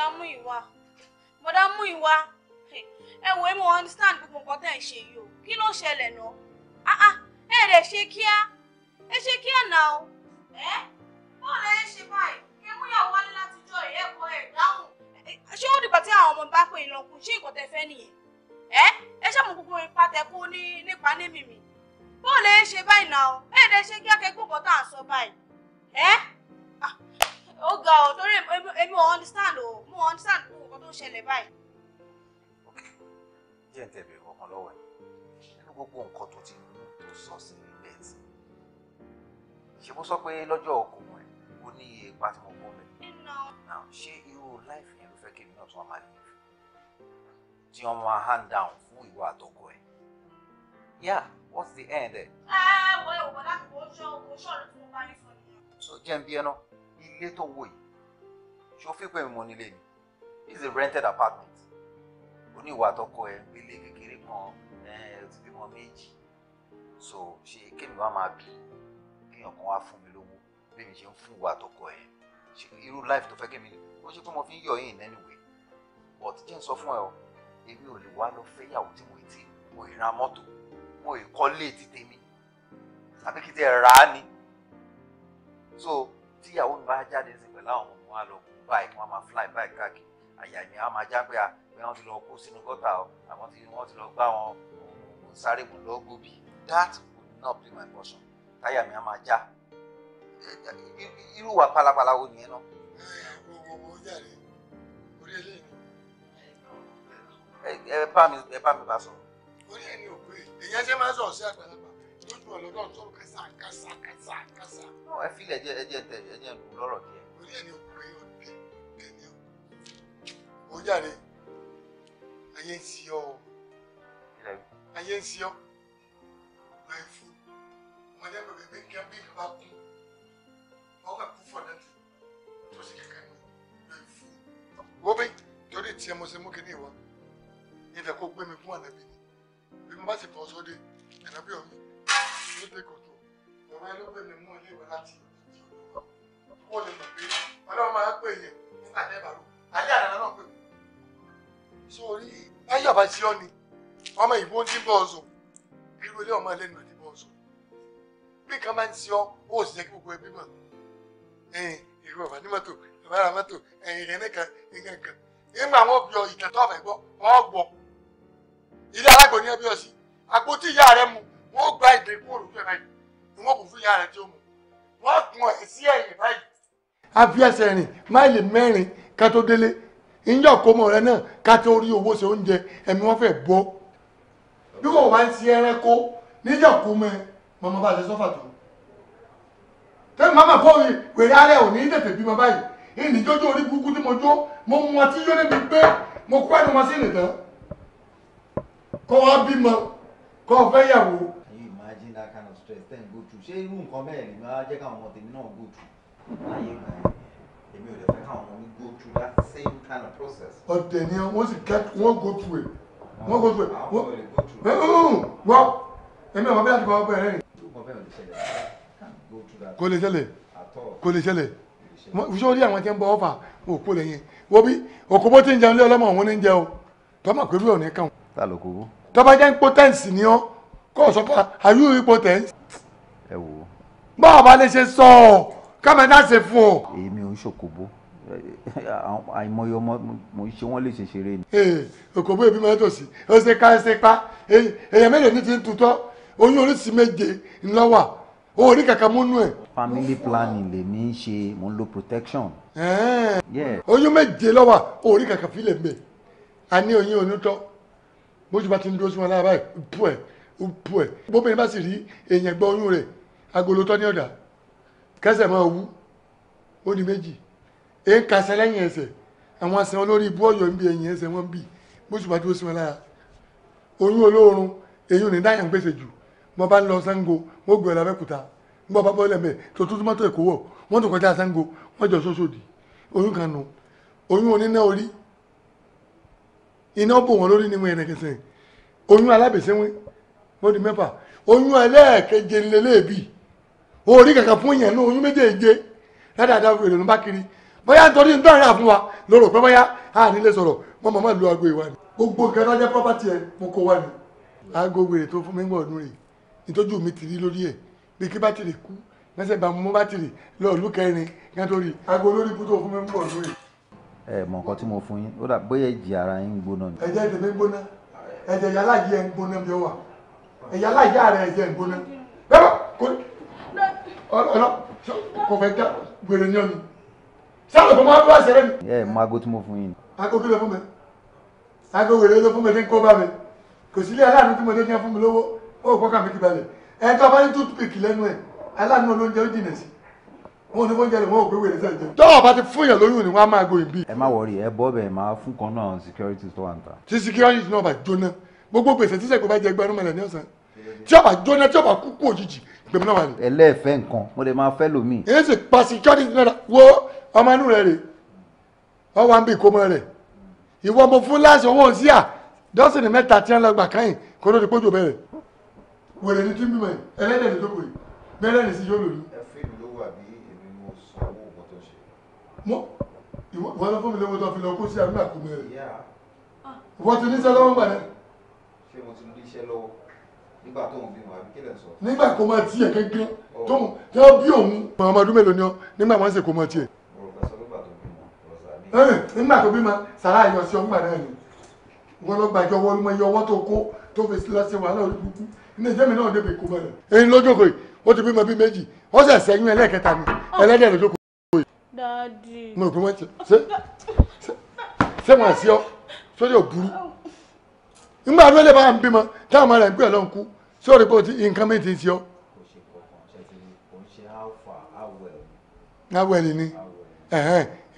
bọ̀dá mú ìwà bọ̀dá mú ìwà ẹ wò understand gbogbo nǹkan tẹ̀ ń ṣe yìí o kí ló ṣẹlẹ̀ nọ ah ah ẹ rẹ̀ ṣe kíá ẹ ṣe kíá náà ẹ bọ́ọ̀lù ẹ ṣe báyìí kí mú ìyàwó wálé látijọ́ ẹ̀ ẹ̀kọ́ ẹ̀ dáhùn. ṣé ó dìgbà tí àwọn ọmọ bá pè é lọkùn ṣé nǹkan tẹ fẹ́ nìyẹn ẹ ẹ gbogbo ìpàtẹ́kù ní nípa ní mímì bọ́ọ̀lù ẹ ṣe báyìí náà ẹ rẹ̀ ṣe kíá tá à ń sọ báyìí ẹ. ga ọ torí èmi ò understand o mo ò understand gbogbo nǹkan tó ń ṣẹlẹ̀ báyìí. díẹ̀ ń tẹ̀bẹ̀ ọkàn lọ́wọ́ ẹ̀ nínú gbogbo nǹkan tó ti mú tó sọ sí ilé ẹ̀ ṣe mo sọ pé lọ́jọ́ ọkùnrin ẹ̀ ó ní iye ipa tí mo gbọ́ mẹ́. now ṣé irú láìfì yẹn ló fẹ́ kí èmi náà tún wá máa lè fi tí wọ́n máa hand down fún ìwà àtọkọ ẹ̀ yeah what's the end ẹ̀. ẹ wọ ẹ wọ láti wọ́n ṣọ́ ọ̀rọ̀ tí mo bá rí fún mi. so jẹ́ ń bí ẹ náà ilé tó wò yìí ṣé o fi pé mi nílé ni it's a rented apartment oníwà àtọkọ ẹ gbélé kékeré kan ẹ eh, ti bímọ méjì so ṣe kémi wá máa bì kéèyàn kan wá fún mi lówó bí mi ṣe ń fún ìwà àtọkọ ẹ ṣe irú life tó fẹ́ kémi ni ó ṣe pé mo fi ń yọ yín anyway but jẹ́ ń sọ fún ẹ o èmi ò lè wá lọ fẹ́yàwó tí mo ti mo ì ra mọ́tò mo ì kọ́lé ti tèmi àbí kí tẹ rà á ni so tíyàwó mi bá jáde sí pẹ̀lú àwọn ọmọ wa lọ kú báyìí kí wọ́n máa fly báyìí káàkiri àyà mi á máa já pé pé wọ́n ti lọ kó sínú gọ́tà o àwọn ti wọ́n ti lọ gbá wọn sáré mú lọ gbòbí that would not be my portion táyà mi á máa já irú wa pálapàla wo nìyẹn náà. wo wo yàrá orí eléyìí ni. ẹ bá mi ẹ bá mi bá sọ̀rọ̀. orí ẹni ò pé èèyàn ṣe máa ń sọ̀rọ̀ sí àgbàlagbà lójú ọ̀lọ́ náà sọ̀rọ̀ kásá ẹ fi ilẹ̀ ẹjẹ̀ ẹjẹ̀ ń tẹ̀ ẹjẹ̀ ń lọ́rọ̀ díẹ̀. orí ẹni ò Ó jàre. Ayé ń sí ọ. Ayé ń sí ọ. Gba ìfú. Wọ́n jẹ́ bèbè bí kí á bí bá kú. Wọ́n kà kú fọ̀dá tì. Tó sì kẹ̀kẹ́ ní. Gba ìfú. Wọ́n bí torí tiẹ̀ mo ṣe mú kí ní ìwà. Ìfẹ́ kó gbé mi fún ànábì ni. Bí mo bá sì fọ́ sóde, ànábì ọ̀mí. Ló dé kòtò. Bàbá ẹ ló bẹ̀ mí mú ilé ìwé láti ìlú. Wọ́n lè mọ̀ pé ọlọ́run máa ń pè yẹn nígbà tẹ́ Alẹ́ àdàlà náà pè mí sórí láyé àbá tí ọ ni ọmọ ìbò ń dín bọ́ọ̀sù irú ilé ọmọ ẹlẹ́nu ẹ̀ dín bọ́ọ̀sù bí nǹkan máa ń ti ọ ó sì jẹ́ kí gbogbo ẹbí mọ̀ ìlú ọ̀bà ní mọ́tò bàbá ra mọ́tò ẹ̀yìn nìkan nǹkan kan nígbà wọn bí ọ ìtàn tó ọ̀fẹ́ gbọ́ ọ̀gbọ̀ ilé alágbò ní ẹbí ọ̀sìn àpótí ìyá rẹ mu wọn gba ìdè kúrò lókè báyìí ni wọn kò fún ìyá rẹ tí ó mu a fi ẹsẹ̀ rìn máìlì mẹ́rin ká tó délé ìjọ kó mọ̀ rẹ náà ká tó rí owó ṣe oúnjẹ ẹ̀mí wọ́n fẹ́ bọ́ bí kò wá ń ti ẹranko níjọ kó mọ ẹ mọmọ bá ṣe sọ́fà tó tẹ́lẹ̀ máma fọ́ wèrè alẹ́ ò ní tètè bímọ báyìí ìníjójó orí burúkú tí mo jó mo mú ọtí yó níbi pé mo kó ẹnu wọn sí nìkan kọ́ wá bímọ kọ́ ọ fẹ́ yàwó. can you imagine that kind stress ten go through ṣé irú nǹkan bẹ́ẹ̀ ni wọ́n jẹ́ káwọn ọmọ tèmi náà go through láyé ìgbà èmi ò lè fẹ́ káwọn ọmọ mi go through that same kind of process. ọ̀tẹ̀ ni wọ́n sì get, wọ́n go through it wọ́n go through it. àwọn ọmọ rẹ̀ go through it. wọ́n èmi ọmọ bí àtìkọ́ ọgbẹ́ rẹ̀ rìn. kò lè ṣẹlẹ̀ kò lè ṣẹlẹ̀ fúnṣọ́ rí àwọn tí ń bọ ọ́fà wò kó lè yín wo bí òkúbó tí ń jẹun lé ọlọ́mọ òun ní ń jẹ o tọ́mọ̀ pẹ̀lú ẹ̀ ò ní kàn. ta ló kó. tọ́ba jẹ́ impotence ni ọ́ kó o sọ fún wa are you impotence. ẹ wò. báwo ba lè ṣe sọ ọ́ kámẹ́ náà ṣe fún ọ. èmi ò ń ṣòkòbó àìmọye ọmọ mo ń ṣe wọn lè ṣèṣeré ni. Eh, òkòbó ebi máa ń tòsí ó ṣe ká ṣe pa eh, èèyàn mélòó ní ti ń tutọ́ oyún oríṣi méje ńlọ́wà owó ní kàkà múnú ẹ̀. family planning lè ní í ṣe mò ń lo protection. Eh. oyún méje lọ́wà owó ní kàkà fílẹ̀ mbẹ́ a ní oyún onítọ́ bójú bá ti ń dúró sí wọn lára báyìí pú ẹ̀ pú ẹ̀ bóbìnrin bá sì rí èèyàn gbọ́ oyún rẹ̀ agolo tọ́ ní ọ̀dà kẹsẹ̀ máa wú ó di méjì èé ń kasẹ̀ lẹ́yìn ẹsẹ̀ àwọn asan olórí ibú ọ̀yọ́ ń bi ẹ̀yìn ẹsẹ̀ wọ́n ń bì bó ṣùgbọ́n àti oṣù mẹ́lára oyún olóorun èyí ò ní dáyà ń gbèsè jù mo bá ń lọ Ṣàngó wọ́n gbé ọ̀là Abẹ́òkúta nígbà bá bọ́ọ̀lẹ̀ mẹ́ tó tún mọ́tò Èkó wọ̀ wọ́n tún kọjá Ṣàngó wọ́n jọ sóṣòdì oyún kan nù oyún oníná orí iná bò wọ́n lórí ni mo yẹn kẹsẹ̀ oyún alábèsẹ́wé mọ́dún mẹ́fà oyún ẹlẹ́ẹ̀keje lélẹ́ẹ̀bì orí kankan fún yẹn ní oyún méjèèje ládàáda èrè ló ń bá kiri bóyá nítorí nítorí àrà fún wa lóró pé bóyá a nílé sọ̀rọ̀ wọ́n mọ̀ máa lu aago ìwà ni. gbogbo nǹkan tó jẹ́ property ẹ mo kó wa ni. aago wèrè tó fún mi gbọ́ ọdún rè nítòjú mi ti rí lórí ẹ̀ bí kí bátìrì kú mẹ́sẹ̀ bá mú bátìrì lọ́ọ̀lù kẹrin kí wọ́n tó rí aago lórí ikú tó fún mi gbọ́ ọdún rè. ẹ mọ nǹkan tí mo fún yín ó dà bóyá ìjì ara yín gbóná ni. ẹ̀jẹ̀ tèmi gbóná ẹ̀jẹ̀ yàrá yìí ẹ̀ ń gbóná bí ó wà ẹ̀yà aláìyá rẹ̀ ẹ̀jẹ̀ ń gbóná ọlọ kò fẹ́ dá wèrè ní ọ̀nà sáwọn ọ̀pọ̀ máa ń bá ṣẹlẹ̀ ni. ẹ máa go tí mo fún yín. aago kí ló fún mi aago wèrè ló fún mi ní kó bá mi kò sílé aláàánú tí mo dé ní fún mi lówó ó kọ́ kàmí kí balẹ̀ ẹ tó a bá ní tó tupè kì lẹ́nu ẹ aláàánú olóúnjẹ ó jìnà sí wọn ò ní fóúnjẹ rẹ wọn ò gbé wèrè sẹ́jẹ. tọ́wọ́ bá ti fún yàn lóyún ni wọ́n á máa go ìbí. ẹ má wọrí ẹ bọ́ bẹ̀ máa fún kan náà security tó wà ń ta. tí security náà bá jóná gbogbo gbèsè tíṣẹ́ kò bá jẹ ẹgbẹ̀rún mọ́lẹ̀ ní ọ̀sán tí ọba jóná tí ọba kú kú òjijì gbèmí náà wà ní. ẹlẹ́ẹ̀fẹ́ nǹkan mo lè máa fẹ́ lómi. èyí sì pa security náírà wo ọmọ inú rẹ rè ọ wà ń bí ìkómọ rẹ ìwọ mo fún láti owó sí à dọ́sìn mẹ́ta tí wọ́n lọ gbà káyìn kó ló ti pójú bẹ̀rẹ̀ wèrè ní túnbí mọ̀ ẹlẹ́dẹ̀ ní tókòyè bẹ́ẹ̀rẹ̀ ní sí yóò lòlú. ẹ fi mi lówó èmi mo san owó nǹkan tó ṣe. mo ìwọ lọ fún mi lówó tó fi lọ kó sí àdúrà kò nígbà tó ń bí wọn àbí kílẹ̀ sọ. nígbà kó máa tiẹ̀ gángan oh. tó ń tẹ́ bí òun. ọmọ ọdún mélòó ni ọ nígbà máa ń ṣe kó máa tiẹ̀. nígbà tó bímọ sàrà yọ sí ọgbà náà ni wọn lọ gbàjọ wọlé mọ iye ọwọ́ tó kó tó fi lọ sí wàhálà orí kúkú ilé iṣẹ́ mi náà débi kó bẹ̀rẹ̀. èyí lójókòó yìí ó ti bímọ bí méjì ó sì ṣẹ́yún ẹlẹ́ẹ̀kẹta ni ẹlẹ́dẹ̀ lójókòó yìí. dáàdì. mo kò mọ̀ ṣe ṣé wọ́n àṣìọ́ sórí òbúrú nígbà tó lè bá ń bímọ táwọn ọmọ rẹ̀ ń pè lọ́n kú sórí pé nǹkan méjì ti ń ṣe ọ́. láwẹ̀lì ni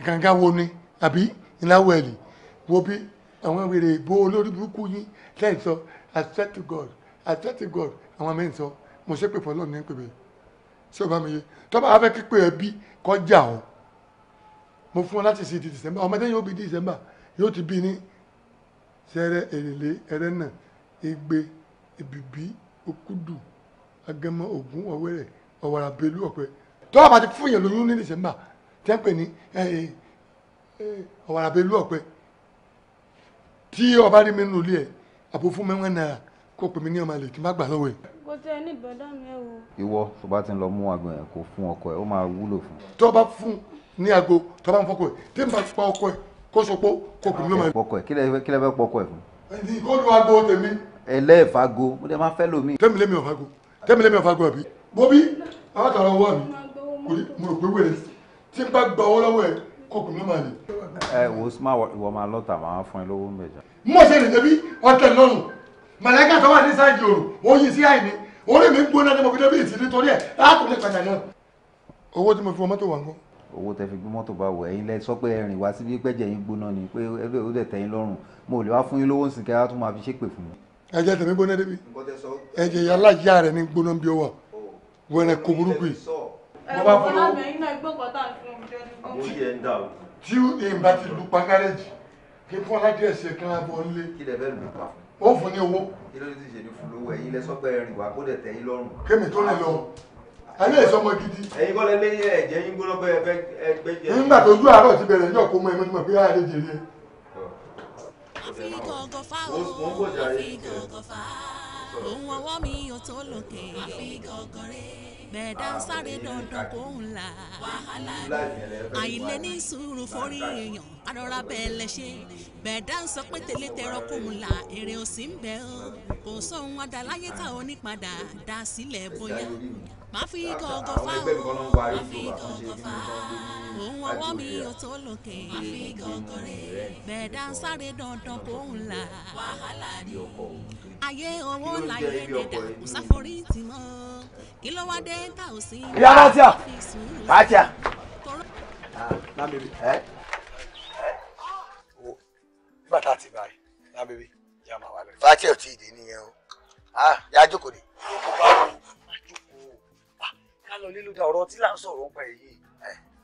ìkànga wo ni àbí láwẹ̀lì wo bí àwọn wèrè bo olórí burúkú yín lẹ́yìn sọ accept God accept God àwọn mẹ́rin sọ mo ṣe pè fọlọ́ ní pèbè ṣé o bá mi yé tọ́ba afẹ́ pípé ẹbí kọjá o mo fún ọ láti ṣe di December ọmọdé yóò bí December yóò ti bí ní Seere, Èrèlé, Ẹrẹ́nà, Egbe, Èbìbí, Òkúdù, Agẹmọ, Ògún, Ọ̀wẹ̀rẹ̀, Ọ̀wàrà Bélú, Ọ̀pẹ. Tọ́wọ́ bá ti fún èèyàn lóyún ní Dìsẹ́mbà tẹ́ ń pè ní Ọ̀wàrà belu Ọ̀pẹ. Tí ọba rí mi nínú ilé ẹ̀, àbò fún mi wọ́n náírà kó pè mí ní ọmọ àlè kí n má gbà lọ́wọ́ ẹ̀. kò tẹ ní ìbọ̀dá mi ẹ wo. ìwọ tó bá ti ń lọ mú aago yẹn kó fún ọkọ ẹ ó máa wúlò fún. tó bá fún ní aago tó bá ń fọkọ ẹ tí n bá pa ọkọ ẹ kó sopo kó kù mí mọ. pọkọ ẹ kí lẹ fẹ́ pọkọ ẹ fún. ẹni kó lu aago tèmi. ẹlẹ́ẹ̀fago mo dẹ̀ máa fẹ́ lomi. tẹ́mi lé mi ò fago tẹ́mi lé mi ò fago àbí. mo bí alátara ọwọ́ mi kò ní mo rò pé wẹ̀rẹ̀ tí n bá gba owó lọ́wọ́ ẹ kó kù mí mọ àlè. ẹ wo smart ìwọ máa lọ tà máa fún ẹ lówó ń bẹ̀jà. mo ṣe lè débi ọtẹ lọrùn màlẹ́kà tó wà ní sáàjì òrùn ó yin sí àìní orí mi gbóná ní mo fi débi ìsìn nítorí ẹ̀ láàkúnlẹ̀ padà náà. owó tí mo fi wọn mọ́tò wà ń gbọ́ owó tẹ fi gbé mọ́tò bá wọ̀ ẹ̀yin lẹ sọ pé ẹ̀rìn wá síbi pẹ́jẹ́ yín gbóná ni pé ó dẹ̀ tẹ́yìn lọ́rùn mo lè wá fún yín lówó nsìnkẹ́ á tún máa fi ṣépè fún mi. ẹ̀jẹ̀ tẹ̀mí gbóná débi ẹ̀jẹ̀ yàrá ìyá rẹ̀ ní gbóná bí ó wà wẹ̀rẹ̀ kò burúkú yìí. ẹ wọ́n fún mi iná ìgbọ́kọ̀ tá tí ìgbà ti lu pàkárẹ́jì kí fọlá díẹ̀ ṣe kí wọ́n bọ̀ nílé. ó fún ní owó. kí ló ti ṣèlú fún lówó ẹ̀yin lẹ́sọ́pẹ́ rìn wá kó dẹ̀ tẹ́yìn lọ́rùn. kémi tó lè lọ ayé ẹ̀ sọmọ gidi. ẹ̀yin kọ́ lẹ́lẹ́ yẹ ẹ̀jẹ̀ yín gbóná bẹ́ẹ̀ fẹ́ ẹgbẹ́ jẹ. nígbà tó ju àárọ̀ ti bẹ̀rẹ̀ yọ̀ kó mọ ẹ̀mọ́ tí mo lè jèrè. òun sáré dandan kó ń la àìlè ní sùúrù forí èèyàn arọra bẹ́ẹ̀ lẹ ṣe bẹ̀ẹ̀dá ń sọ pé tèlé tẹ̀rọ kò mú la èrè ò ń bẹ o kò sóhun adaláyé tá ò ní dá sílẹ̀ bóyá má fi gọ́gọ́ fá o má fi gọ́gọ́ fá òun ọwọ́ mi ò tó lòkè má fi gọ́gọ́ rè bẹ̀ẹ̀dá ń sáré dandan kò ń la wàhálà rí ayé owó láyé dẹ̀dà kò sáforí mọ́ kí ló wá dé tá ò sí. kí ló wá dé tá ò sí. kí nígbà tá a ti báyìí lábẹ́bí yà máa wà lẹ́nu. fàájì ò tí nìyẹn o yà á jókòó ni. Ah, ká lọ nílùú da ọ̀rọ̀ tí là ń sọ̀rọ̀ ń pa èyí.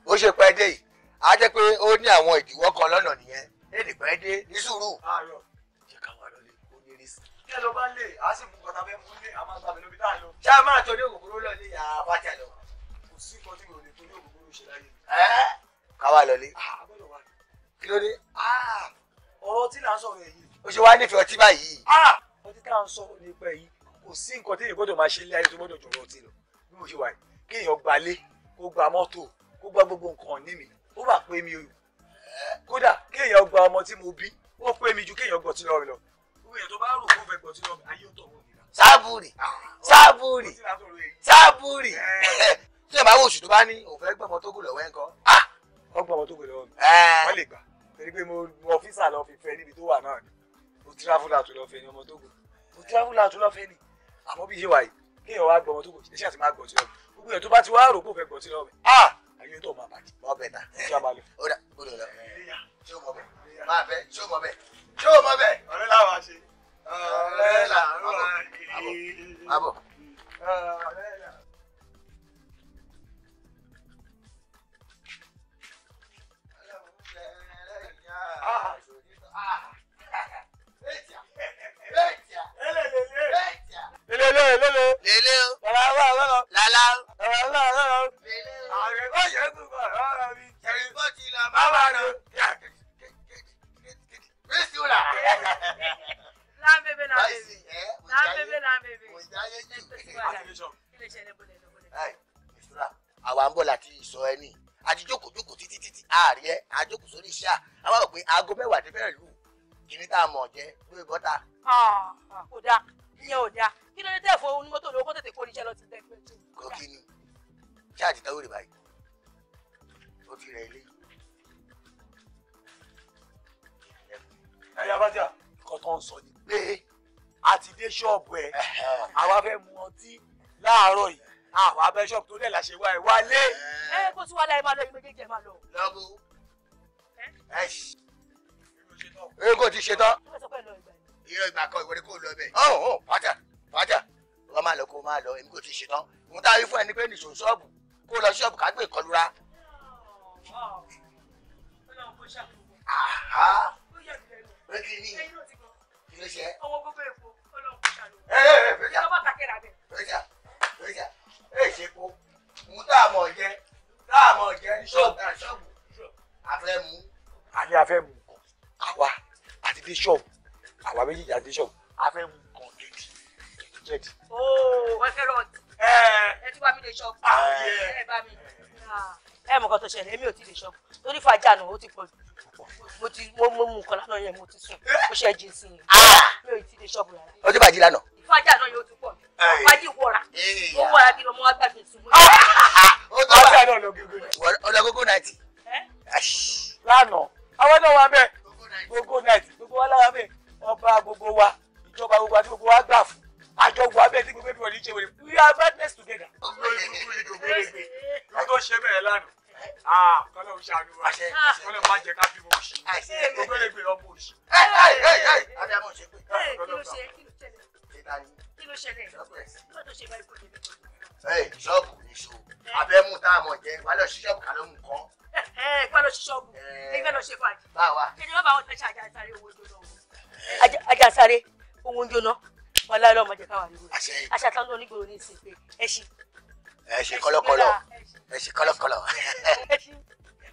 bó ṣe pẹ́ dé yìí á jẹ́ pé ó ní àwọn ìdíwọ́ kan lọ́nà nìyẹn èdè pẹ́ dé ní sùúrù. àárọ̀ jẹ́ káwọn àlọ́ lè kó ní rísì. kí ẹ lọ bá lè á sì mú kọta fẹ́ mú lé àmọ́ àgbàbẹ̀ lóbi náà lọ. ṣé a máa tọ́ ní òkòkòrò lọ ní ìyá fàájì àlọ́? kò sí nǹkan tí mi lè tó ní òkòkòrò ṣe láyé. ẹ káwa lọ ah, lé. kí ló dé? Ah, ọtí là ń sọ̀rọ̀ èyí. o ṣe wá nífẹ̀ẹ́ ọtí báyìí. Ah! ọtí tá à ń sọ̀rọ̀ nípa èyí kò sí nǹkan tí èyí gbọ́dọ̀ máa ṣe ilé ayé tó gbọ́dọ̀ jọ̀rọ̀ ọtí lọ bí mo ṣe wà yìí kéèyàn gbalé kó gba mọ́tò kó gba gbogbo nǹkan ní mi ó bà pé mi o kódà kéèyàn gba ọmọ tí mo bí ó pé mi ju kéèyàn gbọ̀tí lọ́ọ̀rì lọ kéèyàn tó bá rò kó fẹ́ gbọ̀tí lọ́ọ̀rì ayé ò tọ̀ wọ́n nira. sábúrì ah, sábúrì sábúrì eh. tí ẹ bá wò oṣù tó bá ní òun fẹ́ gbọ́mọ tó gùn lọ́wọ́ ẹ̀ ń kọ́ ah! ọgbọ́n ọmọ tó gbé lọ́wọ́ mi eh. wọ́n lè gbà torí pé mo ọ́fíìsà lọ fi fẹ́ níbi tó wà náà ni mo travel out lọ fẹ́ ni ọmọ tó kù mo travel out lọ fẹ́ ni àmọ́ bí yé wa yìí kéèyàn wá gbọ́ ọmọ tó kù ṣe ṣàtì máa gbọ́ sí lọ́bẹ̀ gbogbo èèyàn tó bá ti wá rò pé òun fẹ́ gbọ́ sí lọ́bẹ̀ ah àyè tó máa bàjẹ́ lọ́bẹ̀ ta ó ṣàbàlẹ̀. nan. Wey si ou la? Lan la lan la Lan bebe, lan bebe. Mo jáyé jù. Kí lè ṣe ẹni bọ́lẹ̀ lọ bọ́lẹ̀. Ìṣúra, àwa ń bọ̀ láti ìsọ ẹni. Àtijókòó jókòó títí títí àárí ẹ, àjókòó sórí iṣẹ́ à. A máa rò pé aago mẹ́wàá ti fẹ́rẹ̀ lù. Kìnní tá a mọ̀ jẹ́ lórí bọ́tà. Ah, kò dáa, ìyẹn ò dáa. Kí ló dé tẹ̀ fún onímọ́tò lówó kó tètè kó oníṣẹ́ lọ sí ẹgbẹ́ Kò kí ni, ṣáà ti táwé rè báyìí. Ó ti rẹ̀ ilé ẹ̀yà bájà nǹkan tó ń sọ ni pé a ti dé ṣọ́ọ̀bù ẹ̀ àwa fẹ́ mu ọtí láàárọ̀ yìí àwa abẹ́ ṣọ́ọ̀bù tó dẹ̀ láṣẹ wá ẹ̀ wálé. ẹ kó tí wàá láyé máa lọ yìí méjèèjì ẹ máa lọ. lọ́bù ẹ ṣì. ẹ kò ti ṣetán. ìrọ̀ ìgbà kan ìwé kò lọ bẹ́ẹ̀. ọ̀ ọ̀ pátá pátá wọ́n máa lọ kó máa lọ èmi kò ti ṣetán. mo táyé fún ẹni pé nìṣó ṣọ́ọ̀bù kó lọ ṣọ́ọ̀bù ká gbé ìkọlura. Aha. Oh, bẹ́ẹ̀kì ni kí ló ṣe. owó gbogbo èpo ọlọ́run kò ṣàlùwọ̀. ẹ ẹ fẹjà ìjọba kàkẹ́rà bẹ̀. fẹjà fẹjà ẹ ṣe kó mú dáàmọ̀ jẹ dáàmọ̀ jẹ ṣọ́ọ̀bù ṣọ́ọ̀bù àfẹ́ mú. àní àfẹ́ mú nǹkan àwa àti dé ṣọ́ọ̀bù àwa méjèèjì àti dé ṣọ́ọ̀bù àfẹ́ mú nǹkan gidi gidi. ooo ẹ fẹ́ rọ̀ ẹ ẹ tí wàá mi lè ṣọ́ọ̀bù ah, ah. tó ṣẹlẹ̀ èmi ò tí lè ṣọ́ọ̀bù torí fàjà nù ó ti pọ̀ mo ti mo mo mu nǹkan lánàá yẹn mo ti sùn mo ṣe jí sí i. Ah! mi ò ti dé ṣọ́ọ̀bù rárá. ọjọ́ bàjí lánàá. ìfọ̀jà náà yóò tún pọ̀ mi. wájú wọ̀ra mo wọ̀ra kí lọ́mọ wá gbàgbé sùn. ọjà náà lọ gógó náà. ọ̀dọ̀ gógó náà ti. lánàá àwọn náà wà bẹ́ẹ̀ gógó náà ti gbogbo wa láwa bẹ́ẹ̀ ọba gbogbo wa ìjọba gbogbo àti gbogbo wa gbà fún àjọ wà bẹ́ẹ̀ tí gbogbo ẹbí wọlé ṣe we are madness together. ọgbọ́n ìgbòho ìdòwò Ah, ah, kọ́lọ́ ń ṣàánú wa ah, kọ́lọ́ má jẹ́ ká bí mo ṣì mo bẹ̀rẹ̀ gbé ọmọ òṣì. abiyamọ ṣe pé. kí ló ṣe kí ló tẹ̀lé. kí ló ṣẹlẹ̀ kí ló tó ṣe báyìí kò ní bẹ̀rẹ̀. ṣọ́ọ̀bù ní ṣo eh. abẹ́mú tá a mọ̀ jẹ́ wà lọ sí ṣọ́ọ̀bù kálọ́ mú kọ́. ẹ ẹ gbọ́dọ̀ sí ṣọ́ọ̀bù èyí eh. fẹ́ lọ ṣe fàájì. báwa. èdè ló bá wọn tẹ̀sí àjàsáré owó jóná. àjàsáré owó jóná wọn láyé lọ́mọdé káwá nígboro àṣà táwọn onígboro ní ìsìn pé ẹ ṣí ẹ ṣe kọlọkọlọ ẹ ṣe kọlọkọlọ.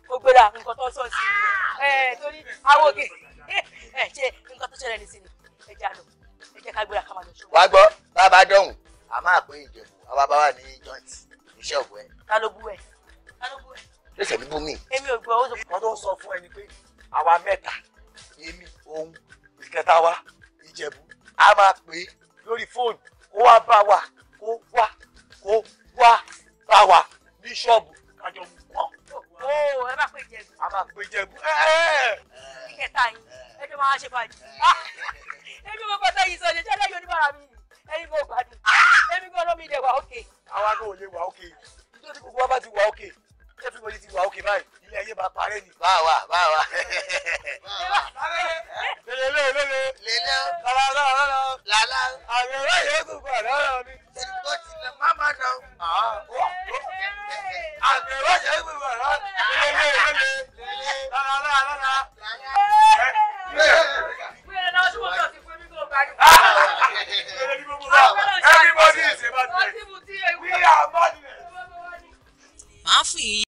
mo gbéra nǹkan tó sọ sí i ẹ torí àwọn òkè ẹ ṣe nǹkan tó ṣẹlẹ̀ nísìnyí ẹ jẹ́ àlọ́ ẹ jẹ́ ká gbéra ká máa lọ ṣọ́wọ́. wàá gbọ́ bàbá dọ̀hùn a máa pé ìjẹ̀bù àwa bá wà ní joint iṣẹ́ ògùn ẹ̀. ta ló bú ẹ ta ló bú ẹ. lẹ́sẹ̀ mi bú mi. èmi ò gbọ́ ó sọ. wọ́n tó sọ fún ẹni pé àwa mẹ́ta èmi òun ìkẹta wa ìjẹ̀bù a máa pè é lórí fóònù kó wá bá wa kó wá kó wá káwa bíṣọ̀bù kájọ pọ̀. ó ẹ bá pé jẹ̀bù. a máa pé jẹ̀bù. ìkẹta yìí ẹjọ́ máa ṣe fàájì. Ah, ẹjọ́ máa bọ́tà yìí sọ̀jẹ̀ jẹ́lẹ̀ yóò níbàrà mi ẹni mo gbádùn ẹni gbọ́dọ̀ mi dẹ̀ wà ókè. àwa náà ò lè wà ókè nítorí gbogbo wa bá ti wà ókè everybody ti wà ókè báyìí ilé ayé máa parẹ́ ni. bá a wà bá a wà. lélẹ̀ lélẹ̀ lélẹ̀ lálá lálá lálá àwọn ẹ̀rọ yẹn kò gbà lọ́rọ̀ mi àgbẹ̀rọ ṣe é gbèbọ̀ rà lélẹ̀ lélẹ̀ rárá rárá rárá. wíyẹn náà ṣùgbọ́n tó ti fún mi kó gbàgbé. everybody is a bad man. we are bad men. màá fún yìí.